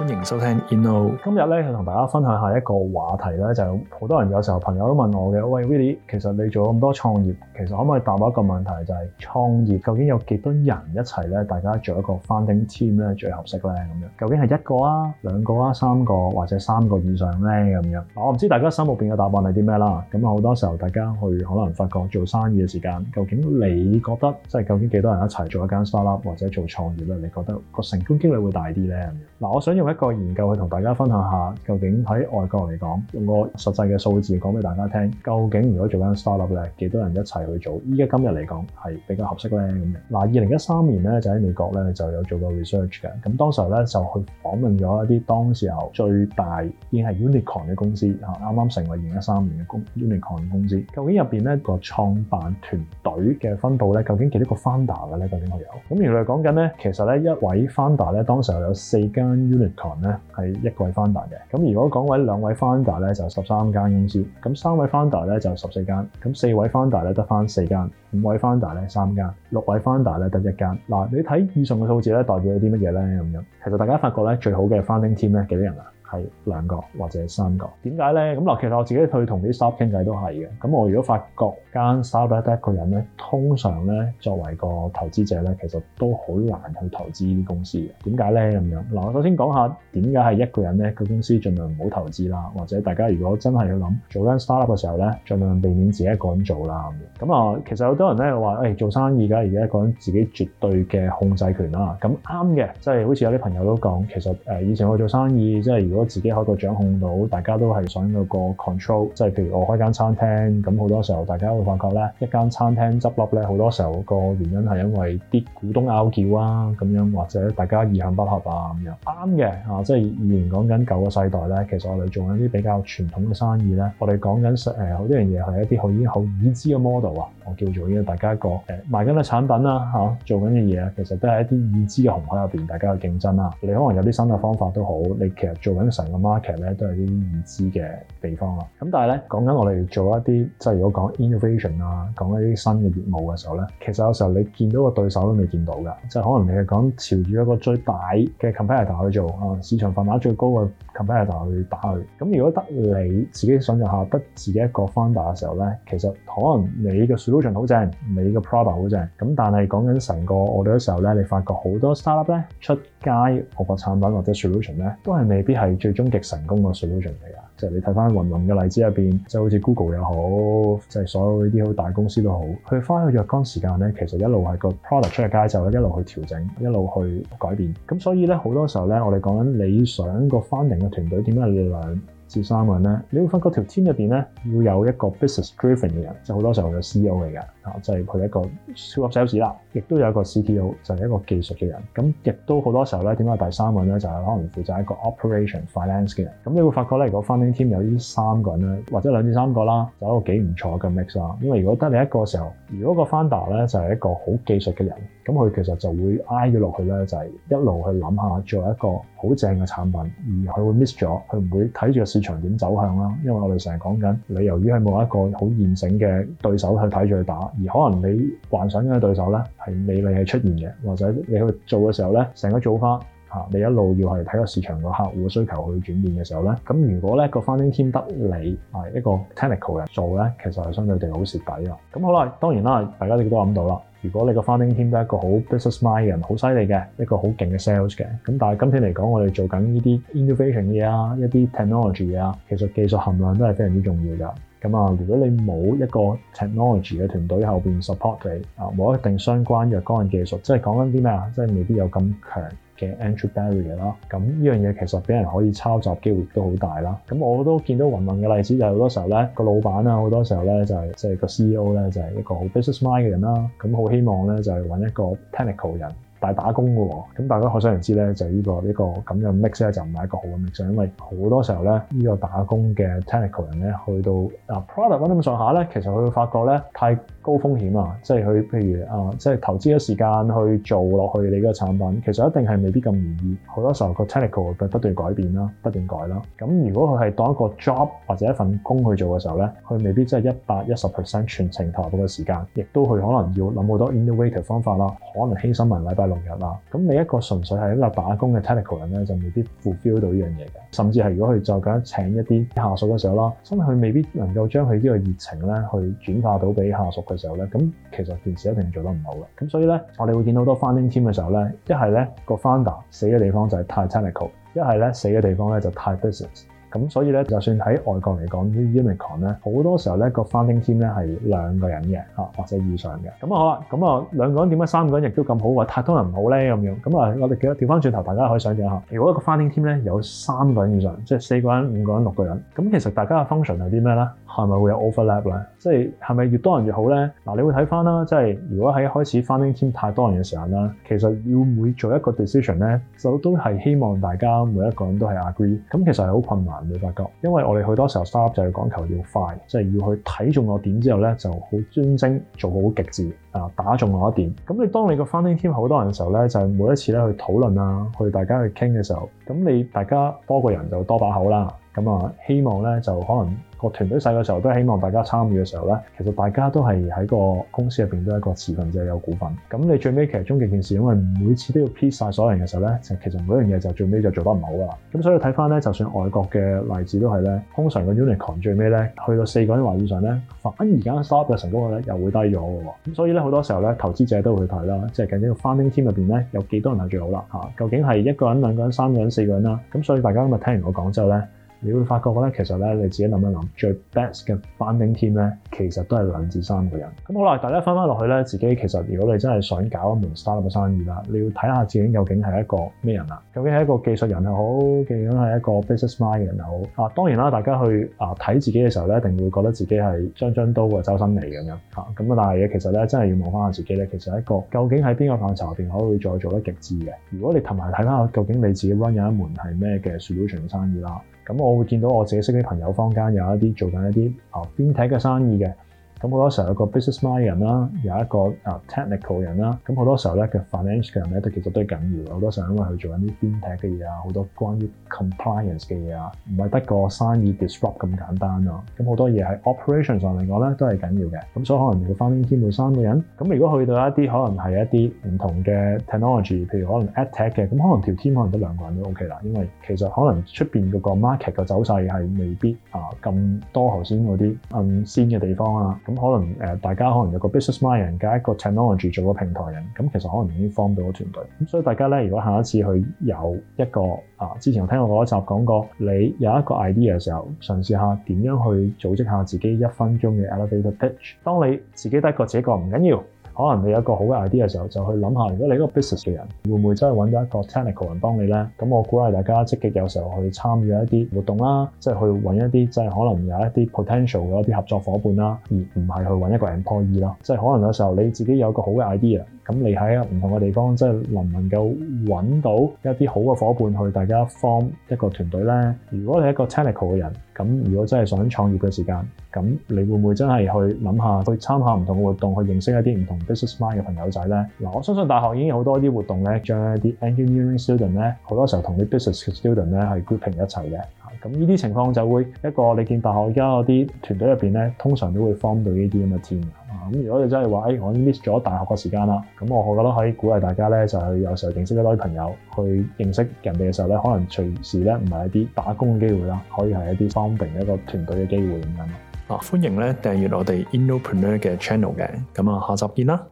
歡迎收聽 InKnow，今日咧去同大家分享下一個話題咧，就好多人有時候朋友都問我嘅，喂 Willy，其實你做咁多創業，其實可唔可以答到一個問題，就係創業究竟有幾多人一齊咧？大家做一個 Founding Team 咧最合適咧咁樣？究竟係一個啊、兩個啊、三個或者三個以上咧咁樣？我唔知大家心目邊嘅答案係啲咩啦。咁啊好多時候大家去可能發覺做生意嘅時間，究竟你覺得即係究竟幾多人一齊做一間 Startup 或者做創業咧？你覺得個成功幾率會大啲咧？嗱，我想用。一個研究去同大家分享下，究竟喺外國嚟講，用個實際嘅數字講俾大家聽，究竟如果做緊 start up 咧，幾多人一齊去做？依家今日嚟講係比較合適咧咁樣。嗱，二零一三年咧就喺美國咧就有做過 research 嘅，咁當時候咧就去訪問咗一啲當時候最大已經係 unicorn 嘅公司吓，啱啱成為二零一三年嘅公 unicorn 公司，究竟入面咧個創辦團隊嘅分佈咧，究竟幾多個 founder 嘅咧？究竟佢有咁原來講緊咧，其實咧一位 founder 咧，當時候有四間 unit 咧係一位 founder 嘅，咁如果講位兩位 founder 咧就十三間公司，咁三位 founder 咧就十四間，咁四位 founder 咧得返四間，五位 founder 咧三間，六位 founder 咧得一間。嗱，你睇以上嘅數字咧代表咗啲乜嘢咧咁樣？其實大家發覺咧最好嘅 founder team 咧幾多人啊？係兩個或者三個，點解咧？咁嗱，其實我自己去同啲 startup 傾偈都係嘅。咁我如果發覺間 startup 得一個人咧，通常咧作為個投資者咧，其實都好難去投資呢啲公司嘅。點解咧咁樣？嗱，我首先講下點解係一個人咧，個公司盡量唔好投資啦。或者大家如果真係要諗做間 startup 嘅時候咧，盡量避免自己一個人做啦咁樣。咁啊，其實好多人咧話誒做生意嘅而家講自己絕對嘅控制權啦，咁啱嘅，即係好似有啲朋友都講，其實、呃、以前我做生意即係如果。自己可以掌控到，大家都係想有個 control，即係譬如我開間餐廳，咁好多時候大家會發覺咧，一間餐廳執笠咧，好多時候個原因係因為啲股東拗撬啊，咁樣或者大家意向不合啊咁樣。啱嘅啊，即係以前講緊舊嘅世代咧，其實我哋做緊啲比較傳統嘅生意咧，我哋講緊好呢樣嘢係一啲好已經好已知嘅 model 啊，我叫做因為大家個誒、呃、賣緊嘅產品啊，嚇、啊、做緊嘅嘢啊，其實都係一啲已知嘅紅海入邊，大家嘅競爭啦、啊。你可能有啲新嘅方法都好，你其實做緊。成個 market 咧都係啲已知嘅地方咯，咁但係咧，講緊我哋做一啲即係如果講 innovation 啊，講一啲新嘅業務嘅時候咧，其實有時候你見到個對手都未見到㗎。就可能你係講朝住一個最大嘅 competitor 去做啊，市場份額最高嘅 competitor 去打佢。咁如果得你自己想像下，得自己一個 founder 嘅時候咧，其實可能你嘅 solution 好正，你嘅 product 好正，咁但係講緊成個我哋嘅時候咧，你發覺好多 startup 咧出街發產品或者 solution 咧，都係未必係。最終極成功嘅 solution 嚟啊！即係你睇翻芸芸嘅例子入邊，就好似 Google 又好，即係所有呢啲好大公司都好，佢花去若干時間咧，其實一路係個 product 出喺街之後咧，一路去調整，一路去改變。咁所以咧，好多時候咧，我哋講緊理想個 funding 嘅團隊點樣嚟？至三個人咧，你會發覺條 team 入面咧要有一個 business driven 嘅人，即好多時候嘅 CEO 嚟嘅，就係佢一個 sales 啦，亦都有一個 CTO，就係一個技術嘅人。咁亦都好多時候咧，點解第三個人咧就係、是、可能負責一個 operation finance 嘅人？咁你會發覺咧，如果 funding team 有呢三個人咧，或者兩至三個啦，就有一個幾唔錯嘅 mix 啦。因為如果得你一個時時候，如果個 founder 咧就係、是、一個好技術嘅人，咁佢其實就會挨咗落去咧，就係、是、一路去諗下作為一個，好正嘅產品，而佢會 miss 咗，佢唔會睇住個市場點走向啦。因為我哋成日講緊，你由於係冇一個好現成嘅對手去睇住去打，而可能你幻想嘅對手咧係未嚟係出現嘅，或者你去做嘅時候咧，成個做法你一路要係睇個市場個客戶需求去轉變嘅時候咧，咁如果咧個 founding team 得你係一個 technical 人做咧，其實係相對地好蝕底啊。咁好啦，當然啦，大家亦都諗到啦。如果你個 founding team 都係一個好 business mind 嘅人，好犀利嘅一個好勁嘅 sales 嘅，咁但係今天嚟講，我哋做緊呢啲 innovation 嘅嘢啊，一啲 technology 啊，其實技術含量都係非常之重要嘅。咁啊，如果你冇一個 technology 嘅團隊後面 support 你啊，冇一定相關若干嘅技術，即係講緊啲咩啊？即係未必有咁強嘅 entry barrier 啦。咁呢樣嘢其實俾人可以抄襲機會都好大啦。咁我都見到雲雲嘅例子就係好多時候咧，個老闆啊，好多時候咧就係即係個 CEO 咧就係一個好 business mind 嘅人啦。咁好希望咧就係揾一個 technical 人。大打工㗎喎，咁大家可想而知咧，就呢、係呢個呢、呢個咁嘅 mix 咧就唔係一個好嘅 mix，因為好多時候咧，呢、呢個打工嘅 technical 人咧去到啊 product 嗰咁上下咧，其實佢會發覺咧太高風險啊，即係佢譬如啊，即係投資咗時間去做落去你嘅、呢個、產品，其實一定係未必咁容易。好多時候個 technical 會不斷改變啦，不斷改啦。咁如果佢係當一個 job 或者一份工去做嘅時候咧，佢未必真係一百一十 percent 全程投入嘅時間，亦都佢可能要諗好多 innovative 方法啦，可能犧牲埋禮拜啦，咁你一個純粹係一個打工嘅 technical 人咧，就未必 fulfill 到呢樣嘢嘅。甚至係如果佢就咁樣請一啲下屬嘅時候啦，咁佢未必能夠將佢呢個熱情咧，去轉化到俾下屬嘅時候咧，咁其實件事一定係做得唔好嘅。咁所以咧，我哋會見到好多 funding team 嘅時候咧，一係咧個 founder 死嘅地方就係太 technical，一係咧死嘅地方咧就太 business。咁所以咧，就算喺外國嚟講，啲 unicorn 咧，好多時候咧個 founding team 咧係兩個人嘅、啊，或者以上嘅。咁啊好啦，咁啊兩個人，點解三個人亦都咁好，或者太多人唔好咧咁樣？咁啊，我哋記得調返轉頭，大家可以想象下，如果一個 founding team 咧有三個人以上，即係四個人、五個人、六個人，咁其實大家嘅 function 係啲咩咧？係咪會有 overlap 咧？即係係咪越多人越好咧？嗱，你會睇返啦，即係如果喺開始 founding team 太多人嘅時候呢，其實要每做一個 decision 咧，就都係希望大家每一個人都係 agree。咁其實係好困難。你發覺，因為我哋好多時候，startup 就係講求要快，即、就、係、是、要去睇中個點之後咧，就好專精做好極致啊，打中我一點。咁你當你個 founding team 好多人嘅時候咧，就是、每一次咧去討論啊，去大家去傾嘅時候，咁你大家多個人就多把口啦。咁啊，希望咧就可能。個團隊細嘅時候都係希望大家參與嘅時候咧，其實大家都係喺個公司入面，都係一個持份者，有股份。咁你最尾其實終極件事，因為每次都要 p 晒所有人嘅時候咧，其實每樣嘢就最尾就做得唔好啦。咁所以睇翻咧，就算外國嘅例子都係咧，通常個 unicorn 最尾咧去到四個人或以上咧，反而間 startup 嘅成功率咧又會低咗喎。咁所以咧好多時候咧，投資者都會去睇啦，即係究竟個 funding team 入面咧有幾多人係最好啦？吓，究竟係一個人、兩個人、三個人、四個人啦。咁所以大家今日聽完我講之後咧。你會發覺咧，其實咧你自己諗一諗，最 best 嘅 founding team 咧，其實都係兩至三個人。咁好啦，大家咧翻翻落去咧，自己其實如果你真係想搞一門 startup 生意啦，你要睇下自己究竟係一個咩人啦？究竟係一個技術人又好，究竟係一個 business mind 嘅人又好啊。當然啦，大家去啊睇自己嘅時候咧，一定會覺得自己係張張刀啊、周身利咁樣嚇咁啊。但係其實咧，真係要望翻下自己咧，其實一個究竟喺邊個範疇入邊可以再做得極致嘅？如果你同埋睇翻下究竟你自己 run 有一門係咩嘅 solution 生意啦。咁我會見到我自己識啲朋友，坊間有一啲做緊一啲啊邊睇嘅生意嘅。咁好多時候有個 business man 啦，有一個啊 technical 人啦，咁好多時候咧嘅 financial 人咧都其實都緊要嘅。好多時候因為佢做緊啲 FinTech 嘅嘢啊，好多關於 compliance 嘅嘢啊，唔係得個生意 disrupt 咁簡單咯。咁好多嘢喺 operation 上嚟講咧都係緊要嘅。咁所以可能要翻啲 team 會三個人。咁如果去到一啲可能係一啲唔同嘅 technology，譬如可能 ad tech 嘅，咁可能條 team 可能得兩個人都 OK 啦，因為其實可能出面嗰個 market 嘅走勢係未必啊咁多頭先嗰啲咁先嘅地方啊。咁可能誒，大家可能有個 business man 人加一個 technology 做個平台人，咁其實可能已經 form 到個團隊，咁所以大家咧，如果下一次去有一個啊，之前聽我嗰一集講過，你有一個 idea 嘅時候，嘗試下點樣去組織下自己一分鐘嘅 elevator pitch。當你自己得一個自己一個唔緊要。可能你有一個好嘅 idea 嘅時候，就去諗下，如果你嗰個 business 嘅人會唔會真係揾到一個 technical 人幫你呢？咁我鼓勵大家積極有時候去參與一啲活動啦，即係去揾一啲即係可能有一啲 potential 嘅一啲合作伙伴啦，而唔係去揾一個 employee 啦。即係可能有時候你自己有個好嘅 idea。咁你喺唔同嘅地方，即係能唔能夠揾到一啲好嘅伙伴去大家 form 一個團隊咧？如果你係一個 technical 嘅人，咁如果真係想創業嘅時間，咁你會唔會真係去諗下去參考唔同嘅活動，去認識一啲唔同 business mind 嘅朋友仔咧？嗱、嗯，我相信大學已經有好多啲活動咧，將一啲 engineering student 咧，好多時候同啲 business student 咧係 grouping 一齊嘅。咁呢啲情況就會一個你見大學而家嗰啲團隊入邊咧，通常都會 form 到呢啲咁嘅 team。如果你真係話、哎，我 miss 咗大學嘅時間啦，咁我覺覺得可以鼓勵大家呢，就有時候認識一多啲朋友，去認識人哋嘅時候可能隨時呢唔係一啲打工嘅機會啦，可以係一啲 forming 一個團隊嘅機會咁樣、啊。歡迎訂訂閱我哋 Innopreneur 嘅 channel 嘅，咁啊，下集見啦。